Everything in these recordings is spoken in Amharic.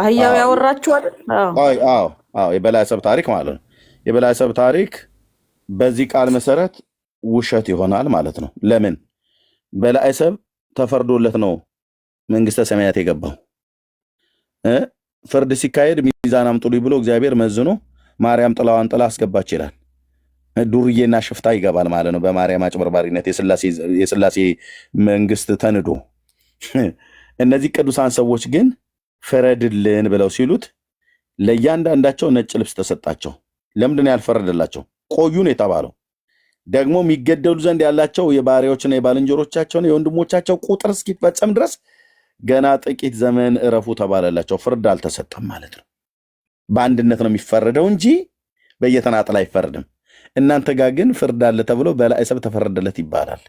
አህያው ያወራችሁ አይደል? አዎ አዎ፣ የበላይሰብ ታሪክ ማለት ነው። የበላይሰብ ታሪክ በዚህ ቃል መሰረት ውሸት ይሆናል ማለት ነው። ለምን በላይሰብ ተፈርዶለት ነው መንግስተ ሰማያት የገባው። ፍርድ ሲካሄድ ሚዛን አምጡ ብሎ እግዚአብሔር መዝኖ ማርያም ጥላዋን ጥላ አስገባች ይላል። ዱርዬና ሽፍታ ይገባል ማለት ነው። በማርያም አጭበርባሪነት የስላሴ መንግስት ተንዶ እነዚህ ቅዱሳን ሰዎች ግን ፍረድልን ብለው ሲሉት ለእያንዳንዳቸው ነጭ ልብስ ተሰጣቸው። ለምንድነው ያልፈረደላቸው? ቆዩን የተባለው ደግሞ የሚገደሉ ዘንድ ያላቸው የባሪያዎችና የባልንጀሮቻቸውን የወንድሞቻቸው ቁጥር እስኪፈጸም ድረስ ገና ጥቂት ዘመን እረፉ ተባለላቸው። ፍርድ አልተሰጠም ማለት ነው። በአንድነት ነው የሚፈረደው እንጂ በየተናጠል አይፈርድም። እናንተ ጋር ግን ፍርድ አለ ተብሎ በላይ ሰብ ተፈረደለት ይባላል።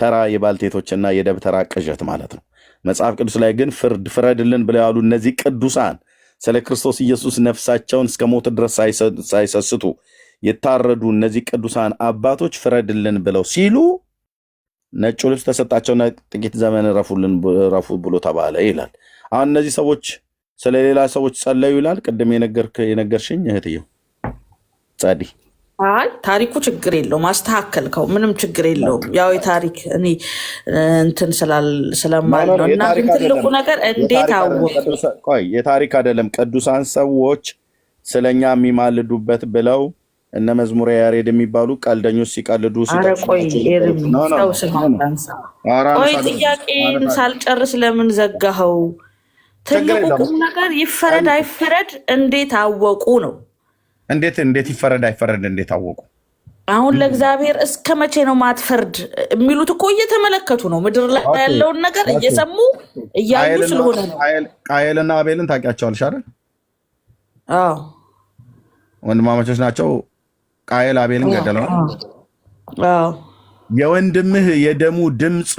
ተራ የባልቴቶችና የደብተራ ቅዠት ማለት ነው። መጽሐፍ ቅዱስ ላይ ግን ፍርድ ፍረድልን ብለው ያሉ እነዚህ ቅዱሳን ስለ ክርስቶስ ኢየሱስ ነፍሳቸውን እስከ ሞት ድረስ ሳይሰስቱ የታረዱ እነዚህ ቅዱሳን አባቶች ፍረድልን ብለው ሲሉ ነጩ ልብስ ተሰጣቸውና ጥቂት ዘመን ረፉልን ረፉ ብሎ ተባለ ይላል። አሁን እነዚህ ሰዎች ስለሌላ ሰዎች ጸለዩ ይላል። ቅድም የነገርሽኝ እህትየው ጸዲ አይ ታሪኩ ችግር የለውም። አስተካከልከው፣ ምንም ችግር የለውም። ያው የታሪክ እኔ እንትን ስለማለው እና ትልቁ ነገር እንዴት አወቁ የታሪክ አይደለም። ቅዱሳን ሰዎች ስለኛ የሚማልዱበት ብለው እነ መዝሙረ ያሬድ የሚባሉ ቀልደኞች ሲቀልዱ ቆይ ጥያቄን ሳልጨርስ ለምን ዘጋኸው? ትልቁ ቁም ነገር ይፈረድ አይፈረድ እንዴት አወቁ ነው እንዴት እንዴት ይፈረድ አይፈረድ እንዴት አወቁ? አሁን ለእግዚአብሔር እስከ መቼ ነው ማትፈርድ የሚሉት እኮ እየተመለከቱ ነው። ምድር ላይ ያለውን ነገር እየሰሙ እያዩ ስለሆነ ነው። ቃየልና አቤልን ታውቂያቸዋለሽ አይደል? አዎ ወንድማማቾች ናቸው። ቃየል አቤልን ገደለዋል። የወንድምህ የደሙ ድምፅ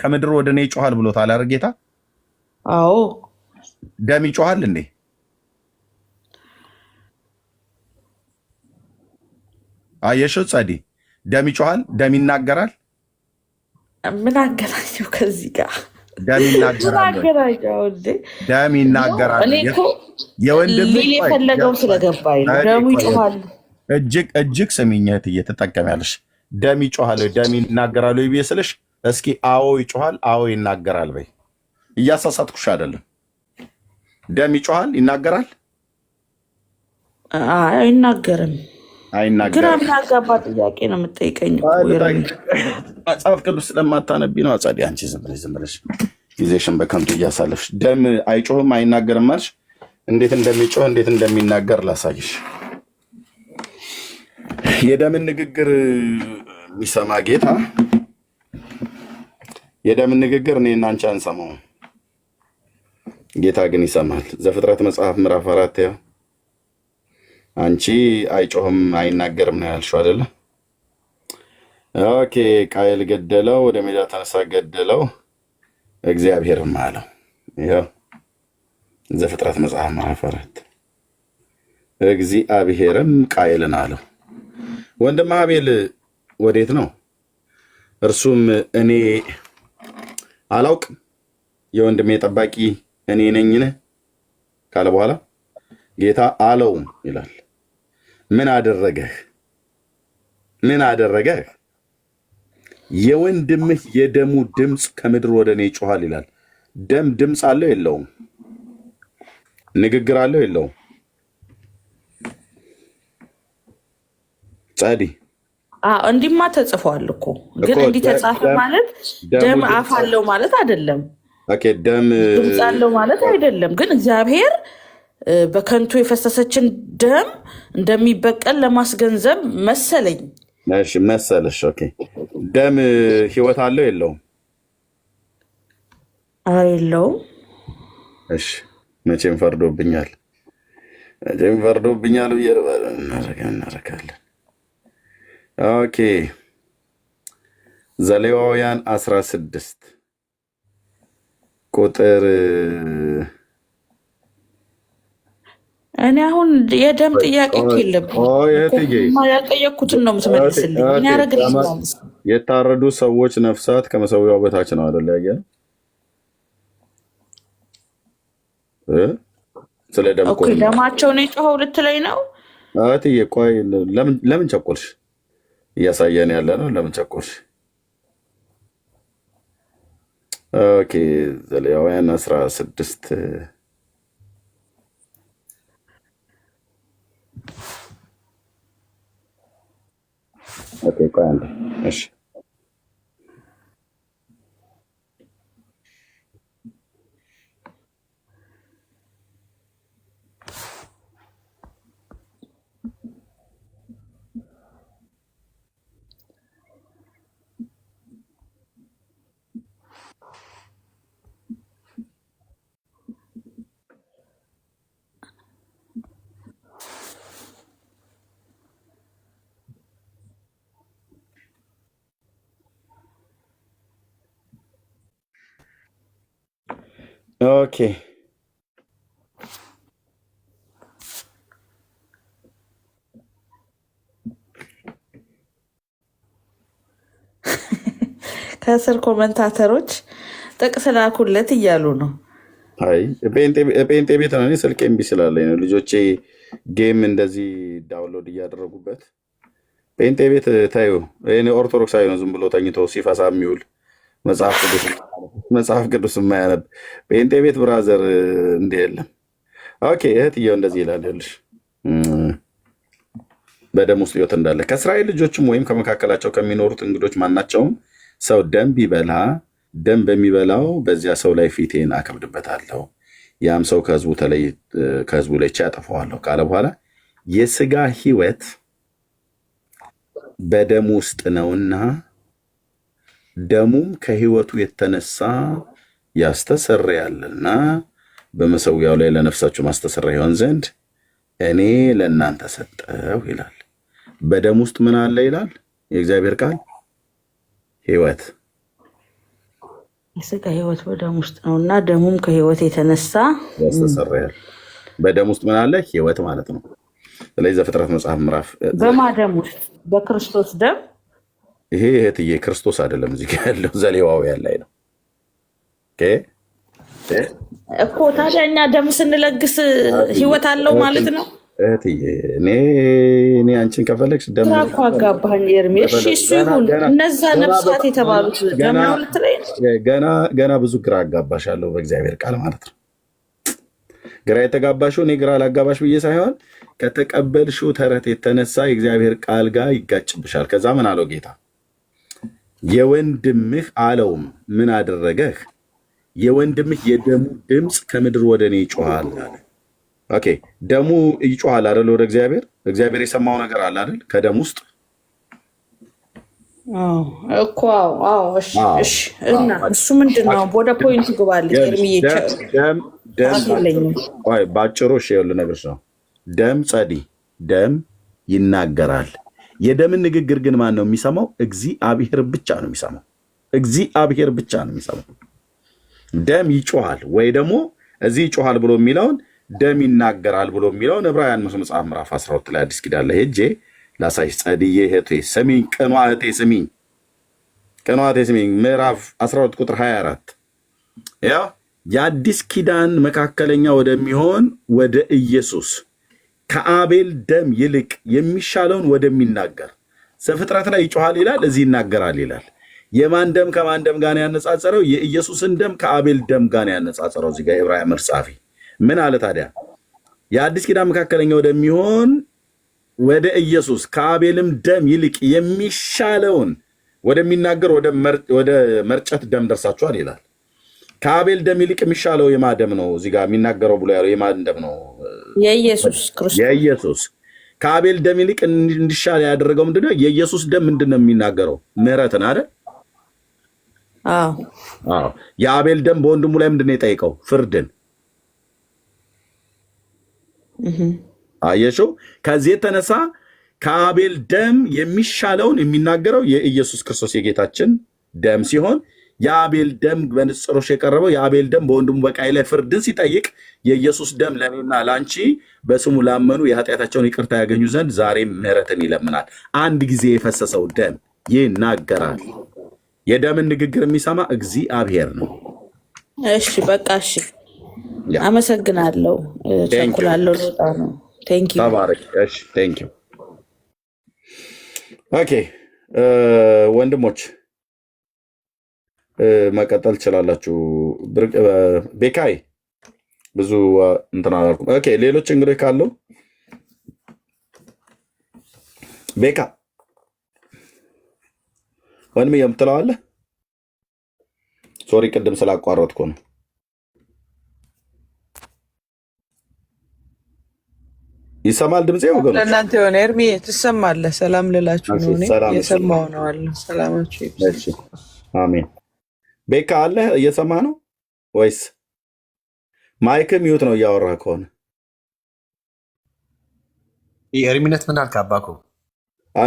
ከምድር ወደ እኔ ይጮሃል ብሎታል። አረ ጌታ፣ አዎ ደም ይጮሃል እንዴ? አየሽው? ጸዴ ደም ይጮኋል፣ ደም ይናገራል። ምን አገናኘው ከዚህ ጋር? ደም ይናገራል፣ ደም ይናገራል። ወንድም የፈለገው ስለገባኝ ነው። ደሙ ይጮሃል። እጅግ እጅግ ስሚኘት እየተጠቀም ያለሽ ደም ይጮኋል፣ ደም ይናገራል ብዬ ስልሽ እስኪ አዎ ይጮኋል፣ አዎ ይናገራል በይ። እያሳሳትኩሽ አይደለም። ደም ይጮኋል፣ ይናገራል፣ አይናገርም ግራ የሚያጋባ ጥያቄ ነው የምጠይቀኝ። መጽሐፍ ቅዱስ ስለማታነቢ ነው። አጸዴ አንቺ ዝም ብለሽ ዝም ብለሽ ጊዜሽን በከንቱ እያሳለፍሽ። ደም አይጮህም አይናገርም አልሽ። እንዴት እንደሚጮህ እንዴት እንደሚናገር ላሳይሽ። የደምን ንግግር የሚሰማ ጌታ የደምን ንግግር እኔና አንቺ አንሰማውም፣ ጌታ ግን ይሰማል። ዘፍጥረት መጽሐፍ ምዕራፍ አራት ያው አንቺ አይጮህም አይናገርም ነው ያልሽው አይደለ? ኦኬ። ቃየል ገደለው፣ ወደ ሜዳ ተነሳ፣ ገደለው፣ እግዚአብሔርም አለው። ይኸው ዘፍጥረት መጽሐፍ ምዕራፍ አራት እግዚአብሔርም ቃየልን አለው፣ ወንድም አቤል ወዴት ነው? እርሱም እኔ አላውቅም የወንድሜ ጠባቂ እኔ ነኝን ካለ በኋላ ጌታ አለውም ይላል ምን አደረገህ? ምን አደረገህ? የወንድምህ የደሙ ድምፅ ከምድር ወደ እኔ ይጮኋል ይላል። ደም ድምፅ አለው የለውም? ንግግር አለው የለውም? ጸዲ እንዲማ ተጽፏል እኮ ግን እንዲህ ተጻፈ ማለት ደም አፍ አለው ማለት አይደለም። ደም ድምፅ አለው ማለት አይደለም። ግን እግዚአብሔር በከንቱ የፈሰሰችን ደም እንደሚበቀል ለማስገንዘብ መሰለኝ መሰለሽ። ኦኬ ደም ህይወት አለው የለውም? የለውም። እሺ መቼም ፈርዶብኛል፣ መቼም ፈርዶብኛል ብዬ እናረጋለን። ኦኬ ዘሌዋውያን አስራ ስድስት ቁጥር እኔ አሁን የደም ጥያቄ የለብኝም። ያልጠየቅኩትን ነው የምትመልስልኝ። የታረዱ ሰዎች ነፍሳት ከመሰዊያው በታች ነው አደለ? ያየ ስለ ደማቸው ነው የጮኸው ልትለኝ ነው እህትዬ? ቆይ ለምን ቸኮልሽ? እያሳየን ያለ ነው። ለምን ቸኮልሽ? ኦኬ ዘሌዋውያን አስራ ስድስት Okay, grand. Yes. ኦኬ ከስር ኮመንታተሮች ጥቅስ ላኩለት እያሉ ነው። አይ ጴንጤ ቤት ነው። እኔ ስልክ ኤምቢ ስላለኝ ነው ልጆቼ ጌም እንደዚህ ዳውንሎድ እያደረጉበት። ጴንጤ ቤት ታዩ ኦርቶዶክሳዊ ነው። ዝም ብሎ ተኝቶ ሲፈሳ የሚውል መጽሐፍ ቅዱስ መጽሐፍ ቅዱስ የማያነብ ጴንጤ ቤት ብራዘር እንደ የለም። ኦኬ እህትየው እንደዚህ ይላል በደም ውስጥ ህይወት እንዳለ ከእስራኤል ልጆችም ወይም ከመካከላቸው ከሚኖሩት እንግዶች ማናቸውም ሰው ደም ቢበላ ደም በሚበላው በዚያ ሰው ላይ ፊቴን አከብድበታለሁ፣ ያም ሰው ከህዝቡ ለይቼ አጠፋዋለሁ ካለ በኋላ የስጋ ህይወት በደም ውስጥ ነውና ደሙም ከህይወቱ የተነሳ ያስተሰርያልና በመሰዊያው ላይ ለነፍሳችሁ ማስተሰራ ይሆን ዘንድ እኔ ለእናንተ ሰጠው ይላል። በደም ውስጥ ምን አለ ይላል የእግዚአብሔር ቃል ህይወት የስጋ ሕይወት በደም ውስጥ ነው እና ደሙም ከህይወት የተነሳ ያስተሰርያል። በደም ውስጥ ምን አለ? ህይወት ማለት ነው። ስለዚህ ዘፍጥረት መጽሐፍ ምዕራፍ በማደም ውስጥ በክርስቶስ ደም ይሄ እህትዬ ክርስቶስ አይደለም። እዚህ ጋር ያለው ዘሌዋውያን ላይ ነው እኮ። ታዲያ እኛ ደም ስንለግስ ህይወት አለው ማለት ነው። እህትዬ እኔ እኔ አንቺን ከፈለግሽ ደም እኮ አጋባኝ ኤርሜ። እሺ እሱ ይሁን። እነዛ ነፍሳት የተባሉት ገና ገና ብዙ ግራ አጋባሻለሁ በእግዚአብሔር ቃል ማለት ነው። ግራ የተጋባሽው እኔ ግራ ላጋባሽ ብዬ ሳይሆን ከተቀበልሽው ተረት የተነሳ የእግዚአብሔር ቃል ጋር ይጋጭብሻል። ከዛ ምን አለው ጌታ የወንድምህ አለውም ምን አደረገህ? የወንድምህ የደሙ ድምፅ ከምድር ወደ እኔ ይጮሃል አለ። ኦኬ ደሙ ይጮሃል አይደል? ወደ እግዚአብሔር እግዚአብሔር የሰማው ነገር አለ አይደል? ከደም ውስጥ እኮ እሱ ምንድን ነው? ወደ ፖይንቱ ግባልኝ። ባጭሩ ነገር ነው። ደም ጸዲ፣ ደም ይናገራል የደምን ንግግር ግን ማን ነው የሚሰማው? እግዚአብሔር ብቻ ነው የሚሰማው። እግዚአብሔር ብቻ ነው የሚሰማው። ደም ይጮሃል ወይ ደግሞ እዚህ ይጮሃል ብሎ የሚለውን ደም ይናገራል ብሎ የሚለውን ዕብራውያን መጽሐፍ ምዕራፍ 12 ላይ አዲስ ኪዳን ላይ ሄጄ ላሳይሽ። ጸድዬ እህቴ ስሚኝ፣ ቅኗ እህቴ ስሚኝ፣ ቅኗ እህቴ ስሚኝ። ምዕራፍ 12 ቁጥር 24 ያው የአዲስ ኪዳን መካከለኛ ወደሚሆን ወደ ኢየሱስ ከአቤል ደም ይልቅ የሚሻለውን ወደሚናገር ዘፍጥረት ላይ ይጮኋል ይላል፣ እዚህ ይናገራል ይላል። የማን ደም ከማን ደም ጋር ያነጻጸረው? የኢየሱስን ደም ከአቤል ደም ጋር ያነጻጸረው። እዚህ ጋር የዕብራውያን ጸሐፊ ምን አለ ታዲያ? የአዲስ ኪዳን መካከለኛ ወደሚሆን ወደ ኢየሱስ ከአቤልም ደም ይልቅ የሚሻለውን ወደሚናገር ወደ መርጨት ደም ደርሳችኋል ይላል። ከአቤል ደም ይልቅ የሚሻለው የማደም ነው። እዚህ ጋር የሚናገረው ብሎ ያለው የማደም ነው የኢየሱስ ክርስቶስ የኢየሱስ ከአቤል ደም ይልቅ እንዲሻል ያደረገው ምንድነው የኢየሱስ ደም ምንድ ነው የሚናገረው? ምህረትን አይደል? አዎ። የአቤል ደም በወንድሙ ላይ ምንድነው ነው የጠይቀው? ፍርድን። አየሽው? ከዚህ የተነሳ ከአቤል ደም የሚሻለውን የሚናገረው የኢየሱስ ክርስቶስ የጌታችን ደም ሲሆን የአቤል ደም በንጽሮች የቀረበው የአቤል ደም በወንድሙ በቃይ ላይ ፍርድን ሲጠይቅ የኢየሱስ ደም ለእኔና ለአንቺ በስሙ ላመኑ የኃጢአታቸውን ይቅርታ ያገኙ ዘንድ ዛሬም ምሕረትን ይለምናል። አንድ ጊዜ የፈሰሰው ደም ይናገራል። የደምን ንግግር የሚሰማ እግዚአብሔር ነው። እሺ በቃ እሺ፣ አመሰግናለሁ። ቸኩላለሁ፣ ነው። ኦኬ ወንድሞች መቀጠል ትችላላችሁ። ቤካይ ብዙ እንትን አላልኩም። ኦኬ፣ ሌሎች እንግዲህ ካለው ቤካ ወንድም የምትለዋለ ሶሪ ቅድም ስላቋረጥኩ ነው። ይሰማል ድምፄ ወገኖች፣ ለእናንተ የሆነ ኤርሚ ትሰማለህ። ሰላም ልላችሁ ነው። እኔ የሰማው ነው አለ። ሰላማችሁ ይብዛ። አሜን። ቤካ አለህ? እየሰማ ነው ወይስ ማይክ ሚዩት ነው? እያወራ ከሆነ የሪሚነት ምን አልክ? አባኮ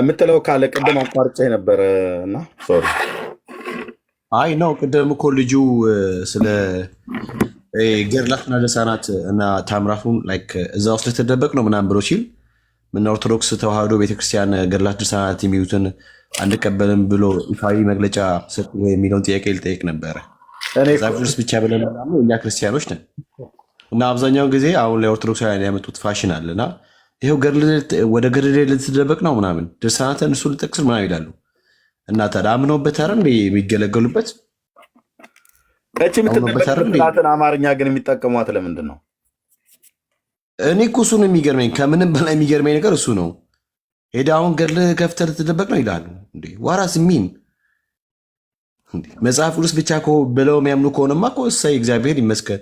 የምትለው ካለ ቅድም አቋርጬ ነበረ እና ሶሪ። አይ ነው ቅድም እኮ ልጁ ስለ ገድላትና ድርሳናት እና ታምራቱን እዛ ውስጥ ልትደበቅ ነው ምናምን ብሎ ሲል ምን ኦርቶዶክስ ተዋህዶ ቤተክርስቲያን ገድላት ድርሳናት የሚዩትን አንቀበልም ብሎ ይፋዊ መግለጫ ሰጡ የሚለውን ጥያቄ ልጠይቅ ነበረ። ዛፉስ ብቻ ብለን እኛ ክርስቲያኖች ነን እና አብዛኛውን ጊዜ አሁን ላይ ኦርቶዶክሳውያን ያመጡት ፋሽን አለና ይኸው ወደ ገድል ልትደበቅ ነው ምናምን ድርሳናትን እሱ ልጠቅስ ምናምን ይላሉ እና ታዲያ አምነውበት አይደል የሚገለገሉበት እች የምትጠቀምበትን አማርኛ ግን የሚጠቀሟት ለምንድን ነው? እኔ እኮ እሱ ነው የሚገርመኝ። ከምንም በላይ የሚገርመኝ ነገር እሱ ነው። ሄደህ አሁን ገድልህ ከፍተህ ልትደበቅ ነው ይላሉ። ዋራስ ሚን መጽሐፍ ቅዱስ ብቻ ብለው የሚያምኑ ከሆነማ እኮ እሰይ እግዚአብሔር ይመስገን፣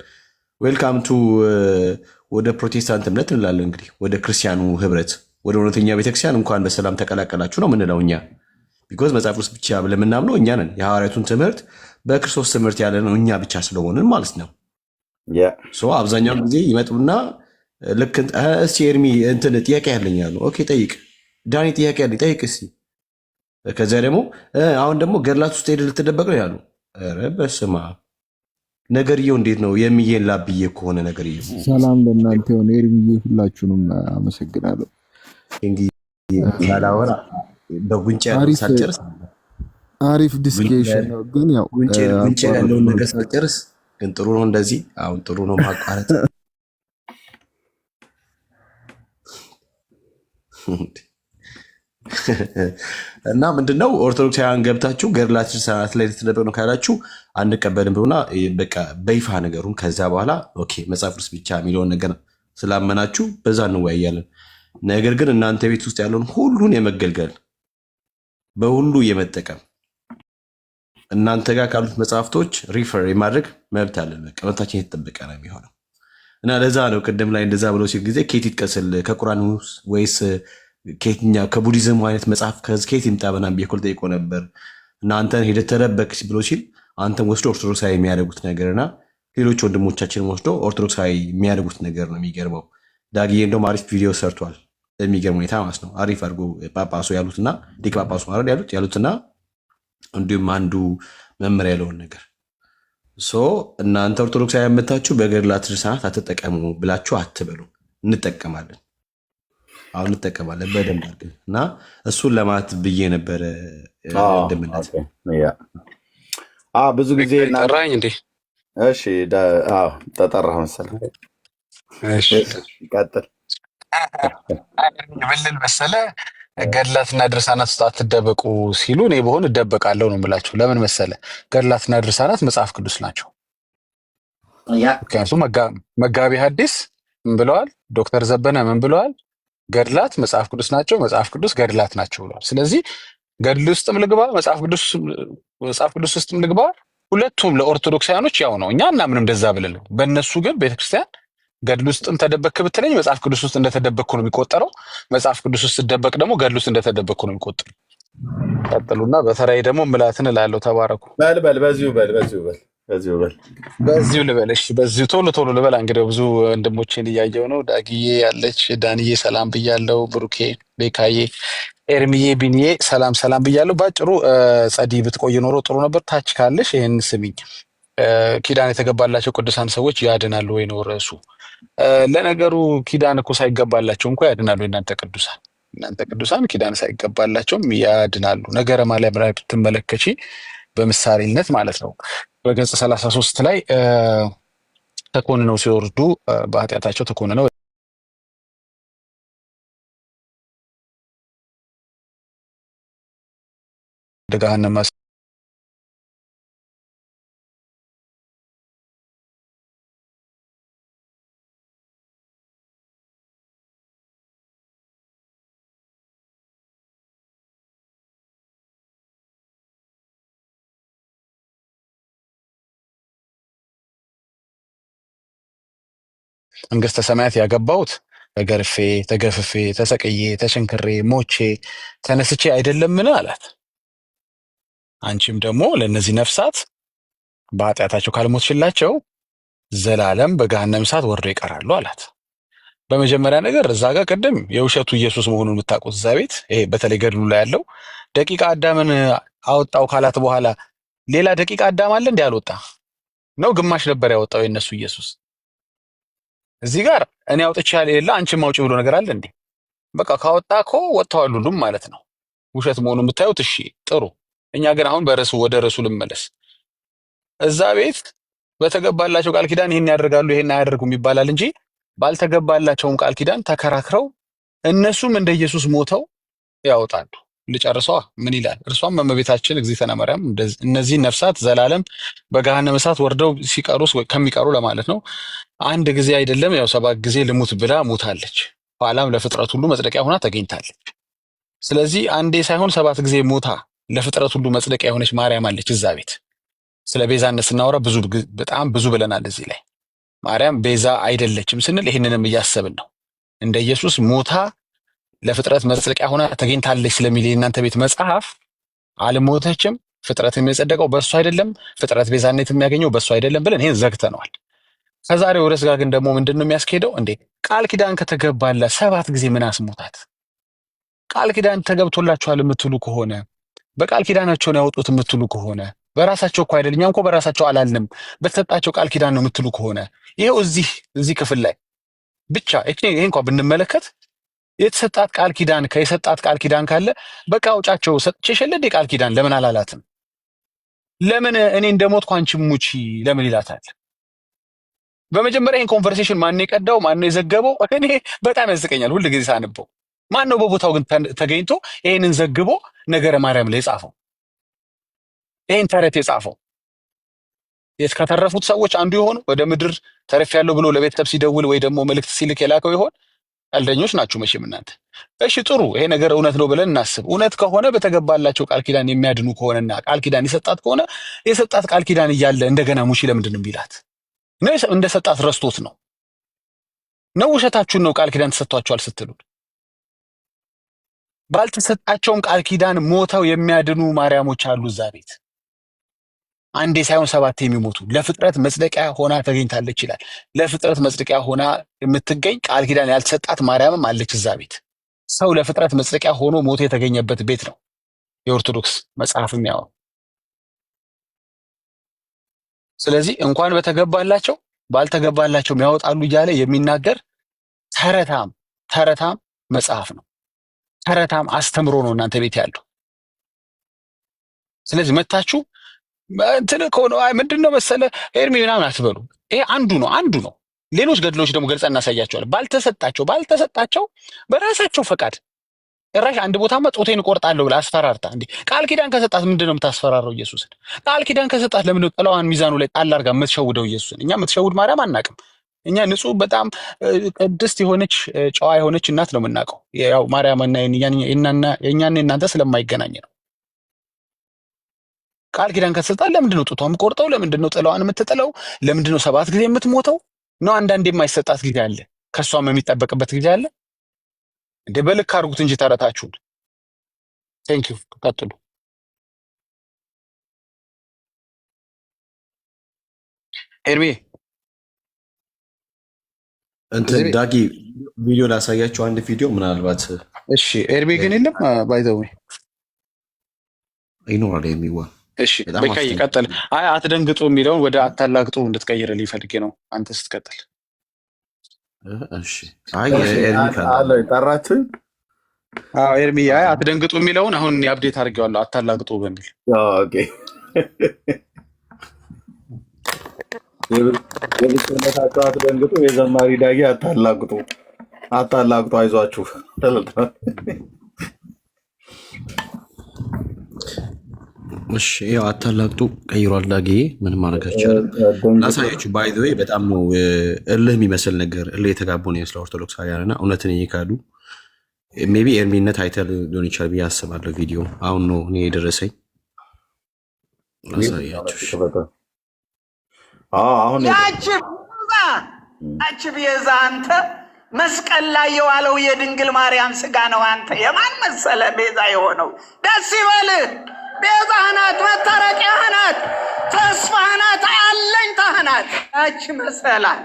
ዌልካም ቱ uh, ወደ ፕሮቴስታንት እምነት እንላለን። እንግዲህ ወደ ክርስቲያኑ ህብረት፣ ወደ እውነተኛ ቤተክርስቲያን እንኳን በሰላም ተቀላቀላችሁ ነው ምንለው እኛ። ቢኮዝ መጽሐፍ ቅዱስ ብቻ ብለን የምናምነው እኛ ነን። የሐዋርያቱን ትምህርት በክርስቶስ ትምህርት ያለ ነው እኛ ብቻ ስለሆንን ማለት ነው። አብዛኛውን ጊዜ ይመጡና ልክ እስቲ ኤርሚ እንትን ጥያቄ ያለኛሉ። ኦኬ ጠይቅ ዳኒ ጥያቄ ያለ ጠይቅ እስኪ። ከዚያ ደግሞ አሁን ደግሞ ገድላት ውስጥ ሄደ ልትደበቅ ነው ያሉ። ኧረ በስመ አብ ነገርየው እንዴት ነው የሚዬን ላብዬ ከሆነ ነገርየው። ሰላም ለእናንተ ሆነ ርብዬ፣ ሁላችሁንም አመሰግናለሁ። ላወራ በጉንጫ ሳጨርስ አሪፍ ዲስኬሽን ነው፣ ግን ያው ጉንጫ ያለውን ነገር ሳጨርስ ግን ጥሩ ነው እንደዚህ። አሁን ጥሩ ነው ማቋረጥ እና ምንድነው ኦርቶዶክሳውያን ገብታችሁ ገድላችን ሰዓት ላይ ልትነበቅ ነው ካላችሁ አንቀበልም ብሎና በይፋ ነገሩን ከዛ በኋላ ኦኬ መጽሐፍ ቅዱስ ብቻ የሚለውን ነገር ስላመናችሁ በዛ እንወያያለን። ነገር ግን እናንተ ቤት ውስጥ ያለውን ሁሉን የመገልገል በሁሉ የመጠቀም እናንተ ጋር ካሉት መጽሐፍቶች ሪፈር የማድረግ መብት አለን። በቃ መብታችን የተጠበቀ ነው የሚሆነው እና ለዛ ነው ቅድም ላይ እንደዛ ብለው ሲል ጊዜ ኬት ይጥቀስል ከቁራን ወይስ ከየትኛ ከቡዲዝም አይነት መጽሐፍ ከየት ይምጣ ምናምን ብዬ እኮ ልጠይቆ ነበር እናንተን ሄደ ሄደህ ተረበክ ብሎ ሲል አንተን ወስዶ ኦርቶዶክሳዊ የሚያደርጉት ነገርና ሌሎች ወንድሞቻችን ወስዶ ኦርቶዶክሳዊ የሚያደርጉት ነገር ነው የሚገርመው። ዳግዬ እንደውም አሪፍ ቪዲዮ ሰርቷል። በሚገርም ሁኔታ ማለት ነው። አሪፍ አድርጎ ጳጳሱ ያሉትና ሊቀ ጳጳሱ ማረድ ያሉት ያሉትና እንዲሁም አንዱ መመሪያ ያለውን ነገር ሶ እናንተ ኦርቶዶክሳዊ ያመታችሁ በገድላት ድርሳናት አትጠቀሙ ብላችሁ አትበሉ። እንጠቀማለን አሁን እንጠቀማለን በደንብ አድርገን እና እሱን ለማለት ብዬ ነበረ። ድምነት ብዙ ጊዜ ጠራኝ እንዴ? እሺ ተጠራ መሰለህ። ቀጥል። ብልል መሰለህ ገድላትና ድርሳናት ውስጥ አትደበቁ ሲሉ እኔ በሆን እደበቃለሁ ነው የምላቸው። ለምን መሰለ ገድላትና ድርሳናት መጽሐፍ ቅዱስ ናቸው። ምክንያቱም መጋቢ ሐዲስ ምን ብለዋል? ዶክተር ዘበነ ምን ብለዋል? ገድላት መጽሐፍ ቅዱስ ናቸው፣ መጽሐፍ ቅዱስ ገድላት ናቸው ብሏል። ስለዚህ ገድል ውስጥም ልግባ፣ መጽሐፍ ቅዱስ ውስጥም ልግባ፣ ሁለቱም ለኦርቶዶክሳውያኖች ያው ነው። እኛ እና ምንም ደዛ ብለን፣ በእነሱ ግን ቤተክርስቲያን ገድል ውስጥም ተደበክ ብትለኝ መጽሐፍ ቅዱስ ውስጥ እንደተደበቅኩ ነው የሚቆጠረው። መጽሐፍ ቅዱስ ውስጥ ስደበቅ ደግሞ ገድል ውስጥ እንደተደበቅኩ ነው የሚቆጠረው። ቀጥሉና በተራይ ደግሞ ምላትን እላለሁ። ተባረኩ። በል በል፣ በዚሁ በል፣ በዚሁ በል። በዚሁ ልበል። እሺ፣ በዚሁ ቶሎ ቶሎ ልበል። እንግዲህ ብዙ ወንድሞቼን እያየው ነው። ዳግዬ ያለች ዳንዬ ሰላም ብያለው። ብሩኬ፣ ቤካዬ፣ ኤርሚዬ፣ ቢንዬ ሰላም ሰላም ብያለው። ባጭሩ ጸዲ ብትቆይ ኖሮ ጥሩ ነበር። ታች ካለሽ ይህን ስሚኝ። ኪዳን የተገባላቸው ቅዱሳን ሰዎች ያድናሉ ወይ ነው ርዕሱ። ለነገሩ ኪዳን እኮ ሳይገባላቸው እንኳ ያድናሉ የእናንተ ቅዱሳን እናንተ ቅዱሳን ኪዳን ሳይገባላቸውም ያድናሉ። ነገረ ማርያም ላይ ብትመለከቺ በምሳሌነት ማለት ነው። በገጽ 33 ላይ ተኮንነው ሲወርዱ በኃጢአታቸው ተኮንነው ወደ ገሃነመ መንግስተ ሰማያት ያገባውት ተገርፌ ተገፍፌ ተሰቅዬ ተሸንክሬ ሞቼ ተነስቼ አይደለምን አላት። አንቺም ደግሞ ለእነዚህ ነፍሳት በኃጢአታቸው ካልሞትሽላቸው ዘላለም በገሃነም እሳት ወርዶ ይቀራሉ አላት። በመጀመሪያ ነገር እዛ ጋር ቅድም የውሸቱ ኢየሱስ መሆኑን የምታውቁት እዛ ቤት ይሄ በተለይ ገድሉ ላይ ያለው ደቂቃ አዳምን አወጣው ካላት በኋላ ሌላ ደቂቃ አዳም አለ እንዲህ አልወጣ ነው፣ ግማሽ ነበር ያወጣው የእነሱ ኢየሱስ እዚህ ጋር እኔ አውጥቻ ያለ የለ አንቺም ብሎ ነገር አለ እንዴ? በቃ ካወጣ እኮ ወጥተዋል ሁሉም ማለት ነው። ውሸት መሆኑ ብታዩት እሺ፣ ጥሩ። እኛ ግን አሁን በረሱ ወደ ረሱ ልመለስ። እዛ ቤት በተገባላቸው ቃል ኪዳን ይህን ያደርጋሉ ይህን አያደርጉም ይባላል እንጂ ባልተገባላቸውም ቃል ኪዳን ተከራክረው እነሱም እንደ ኢየሱስ ሞተው ያወጣሉ። ልጨርሷ ምን ይላል? እርሷም እመቤታችን እግዝእትነ ማርያም እነዚህ ነፍሳት ዘላለም በገሃነመ እሳት ወርደው ሲቀሩ ከሚቀሩ ለማለት ነው። አንድ ጊዜ አይደለም ያው ሰባት ጊዜ ልሙት ብላ ሞታለች። ኋላም ለፍጥረት ሁሉ መጽደቂያ ሆና ተገኝታለች። ስለዚህ አንዴ ሳይሆን ሰባት ጊዜ ሞታ ለፍጥረት ሁሉ መጽደቂያ የሆነች ማርያም አለች እዛ ቤት። ስለ ቤዛነት ስናወራ ብዙ በጣም ብዙ ብለናል። እዚህ ላይ ማርያም ቤዛ አይደለችም ስንል ይህንንም እያሰብን ነው። እንደ ኢየሱስ ሞታ ለፍጥረት መጽደቂያ ሆና ተገኝታለች ስለሚል የእናንተ ቤት መጽሐፍ አልሞተችም፣ ፍጥረት የሚጸደቀው በእሱ አይደለም፣ ፍጥረት ቤዛነት የሚያገኘው በእሱ አይደለም ብለን ይህን ዘግተነዋል። ከዛሬው ርዕስ ጋር ግን ደግሞ ምንድን ነው የሚያስኬደው? እንዴ ቃል ኪዳን ከተገባላ ሰባት ጊዜ ምን አስሞታት? ቃል ኪዳን ተገብቶላችኋል የምትሉ ከሆነ በቃል ኪዳናቸውን ያወጡት የምትሉ ከሆነ በራሳቸው እኮ አይደል፣ እኛ እኮ በራሳቸው አላልንም፣ በተሰጣቸው ቃል ኪዳን ነው የምትሉ ከሆነ ይኸው እዚህ እዚህ ክፍል ላይ ብቻ ይህን እንኳ ብንመለከት የተሰጣት ቃል ኪዳን ከየሰጣት ቃል ኪዳን ካለ በቃ አውጫቸው ሰጥቼሽ እንዴ ቃል ኪዳን ለምን አላላትም? ለምን እኔ እንደሞትኩ አንቺም ሙቺ ለምን ይላታል? በመጀመሪያ ይህን ኮንቨርሴሽን ማነው የቀዳው? ማነው የዘገበው? እኔ በጣም ያስቀኛል ሁል ጊዜ ሳንበው። ማን ነው በቦታው ግን ተገኝቶ ይህንን ዘግቦ ነገረ ማርያም ላይ የጻፈው? ይህን ተረት የጻፈው ከተረፉት ሰዎች አንዱ የሆኑ ወደ ምድር ተረፍ ያለው ብሎ ለቤተሰብ ሲደውል ወይ ደግሞ መልእክት ሲልክ የላከው ይሆን? ቀልደኞች ናችሁ መቼም እናንተ። እሺ ጥሩ፣ ይሄ ነገር እውነት ነው ብለን እናስብ። እውነት ከሆነ በተገባላቸው ቃል ኪዳን የሚያድኑ ከሆነና ቃል ኪዳን የሰጣት ከሆነ የሰጣት ቃል ኪዳን እያለ እንደገና ሙሺ ለምንድን ቢላት ነው? እንደ ሰጣት ረስቶት ነው ነው? ውሸታችሁን ነው ቃል ኪዳን ተሰጥቷቸዋል ስትሉ ባልተሰጣቸውም ቃል ኪዳን ሞተው የሚያድኑ ማርያሞች አሉ እዛ ቤት አንዴ ሳይሆን ሰባቴ የሚሞቱ ለፍጥረት መጽደቂያ ሆና ተገኝታለች ይላል። ለፍጥረት መጽደቂያ ሆና የምትገኝ ቃል ኪዳን ያልተሰጣት ማርያምም አለች እዛ ቤት። ሰው ለፍጥረት መጽደቂያ ሆኖ ሞቶ የተገኘበት ቤት ነው የኦርቶዶክስ መጽሐፍ የሚያወሩ። ስለዚህ እንኳን በተገባላቸው ባልተገባላቸው ያወጣሉ እያለ የሚናገር ተረታም ተረታም መጽሐፍ ነው። ተረታም አስተምሮ ነው እናንተ ቤት ያለው። ስለዚህ መታችሁ እንትን ከሆነ ምንድን ነው መሰለ ኤርሚ ምናምን አትበሉ። ይሄ አንዱ ነው አንዱ ነው። ሌሎች ገድሎች ደግሞ ገልጸ እናሳያቸዋለን። ባልተሰጣቸው ባልተሰጣቸው በራሳቸው ፈቃድ ራሽ አንድ ቦታማ ጾቴን እቆርጣለሁ ብለ አስፈራርታ እንዴ ቃል ኪዳን ከሰጣት ምንድን ነው የምታስፈራረው ኢየሱስን? ቃል ኪዳን ከሰጣት ለምን ጥላዋን ሚዛኑ ላይ ጣል አድርጋ የምትሸውደው ኢየሱስን? እኛ የምትሸውድ ማርያም አናቅም። እኛ ንጹህ በጣም ቅድስት የሆነች ጨዋ የሆነች እናት ነው የምናውቀው። ያው ማርያም እና የእኛና የእናንተ ስለማይገናኝ ነው። ቃል ኪዳን ከተሰጣት ለምንድን ነው ጡቷን ቆርጠው? ለምንድን ነው ጥላዋን የምትጥለው? ለምንድን ነው ሰባት ጊዜ የምትሞተው? ነው አንዳንዴ የማይሰጣት ጊዜ አለ፣ ከእሷም የሚጠበቅበት ጊዜ አለ። እንደ በልክ አድርጉት እንጂ ተረታችሁን። ቴንክ ዩ ቀጥሉ። ኤርሜ እንትን ዳጊ ቪዲዮ ላሳያቸው አንድ ቪዲዮ ምናልባት። እሺ ኤርሜ ግን የለም ባይዘዌ ይኖራል የሚዋ እሺ በቃ ይቀጥል። አይ አትደንግጡ የሚለውን ወደ አታላግጡ እንድትቀይር ፈልጌ ነው። አንተ ስትቀጥል ጠራችሁኝ። ኤርሚ አይ አትደንግጡ የሚለውን አሁን የአብዴት አድርጌዋለሁ አታላግጡ በሚል የብስነታቸው አትደንግጡ፣ የዘማሪ ዳጌ አታላግጡ፣ አታላግጡ አይዟችሁ ተለጥራል እሺ ያው አታላቅጡ ቀይሯል። ዳጌ ምን ማድረግ አይቻልም። ላሳዮች ባይ ዘ ወይ በጣም ነው እልህ የሚመስል ነገር እልህ የተጋቡ ነው ስለ ኦርቶዶክስ እና እውነትን እየካዱ ሜይ ቢ ኤርሚነት አይተል ሊሆን ይችላል ብዬ አስባለሁ። ቪዲዮ አሁን ነው እኔ የደረሰኝ ላሳያቸው። ያች ቤዛ አንተ መስቀል ላይ የዋለው የድንግል ማርያም ስጋ ነው። አንተ የማን መሰለ ቤዛ የሆነው? ደስ ይበልህ። ቤዛህ ናት፣ መታረቂያህ ናት፣ ተስፋህ ናት፣ አለኝታህ ናት። ያቺ መሰላል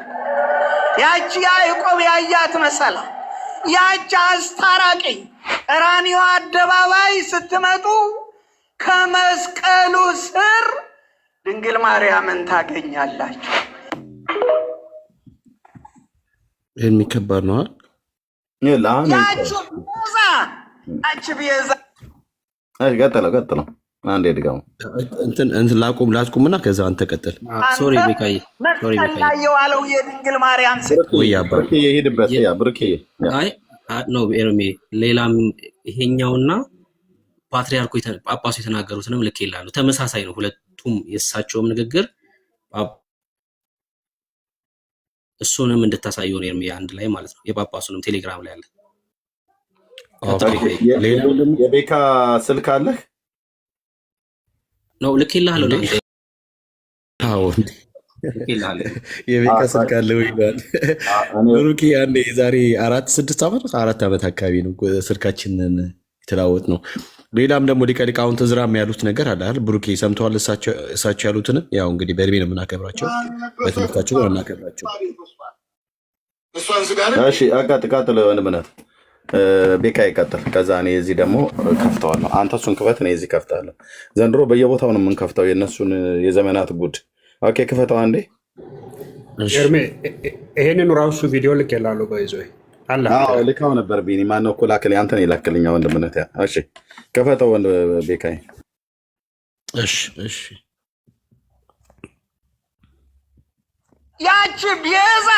ያቺ ያዕቆብ ያያት መሰላል ያቺ አስታራቂ ቀራንዮ አደባባይ ስትመጡ ከመስቀሉ ስር ድንግል ማርያምን ታገኛላችሁ። ይህን የሚከባድ ነው። ያቺ ቤዛ ቀጥለው ቀጥለው አንዴ ድጋሙ ላቁም ላስቁምና ከዛ አንተ ቀጥል። ሶሪ ቤቃዬ የዋለው የድንግል ማርያም ሄድበት ብርቅዬ ነው ኤርሜ ሌላም ይሄኛውና ፓትሪያርኩ ጳጳሱ የተናገሩትንም ልክ ይላሉ። ተመሳሳይ ነው ሁለቱም የእሳቸውም ንግግር እሱንም እንድታሳየውን ኤርሜ አንድ ላይ ማለት ነው። የጳጳሱንም ቴሌግራም ላይ አለ። ሌላ የቤካ ስልክ አለህ? ነው ልኬልሃለሁ። የቤካ ስልክ አለ ወይ ይላል ብሩኬ። አንዴ የዛሬ አራት ስድስት ዓመት አራት ዓመት አካባቢ ነው ስልካችንን የተለዋወጥ ነው። ሌላም ደግሞ ሊቀ ሊቃውንት እዝራም ያሉት ነገር አለ። ብሩኬ ሰምተዋል። እሳቸው ያሉትንም ያው እንግዲህ በእድሜ ነው የምናከብራቸው፣ በትምህርታቸው ነው የምናከብራቸው። እሷን አቃጥቃጥለ ወንድምነት ቤካ ይቀጥል። ከዛ እኔ እዚህ ደግሞ ከፍተዋለሁ። አንተ እሱን ክፈት፣ እኔ እዚህ ከፍታለሁ። ዘንድሮ በየቦታው ነው የምንከፍተው የእነሱን የዘመናት ጉድ። ኦኬ ክፈተው አንዴ። ርሜ ይሄንን ራሱ ቪዲዮ ልክ የላሉ በይዞ ልካው ነበር ቢኒ ማነው እኮ ላክል፣ አንተን የላክልኛ ወንድምነት። እሺ ክፈተው ወንድ ቤካ። እሺ እሺ ያቺ ቤዛ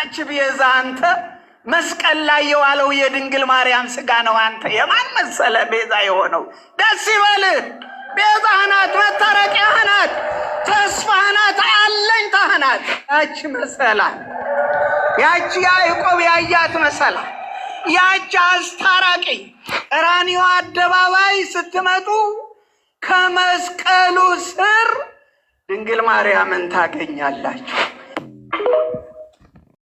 አቺ ቤዛ አንተ መስቀል ላይ የዋለው የድንግል ማርያም ስጋ ነው። አንተ የማን መሰለ ቤዛ የሆነው? ደስ ይበልህ። ቤዛ ናት፣ መታረቂያ ናት፣ ተስፋ ናት፣ አለኝታ ናት። ያቺ መሰላል ያቺ ያዕቆብ ያያት መሰላል ያቺ አስታራቂ ቀራንዮ አደባባይ ስትመጡ ከመስቀሉ ስር ድንግል ማርያምን ታገኛላችሁ።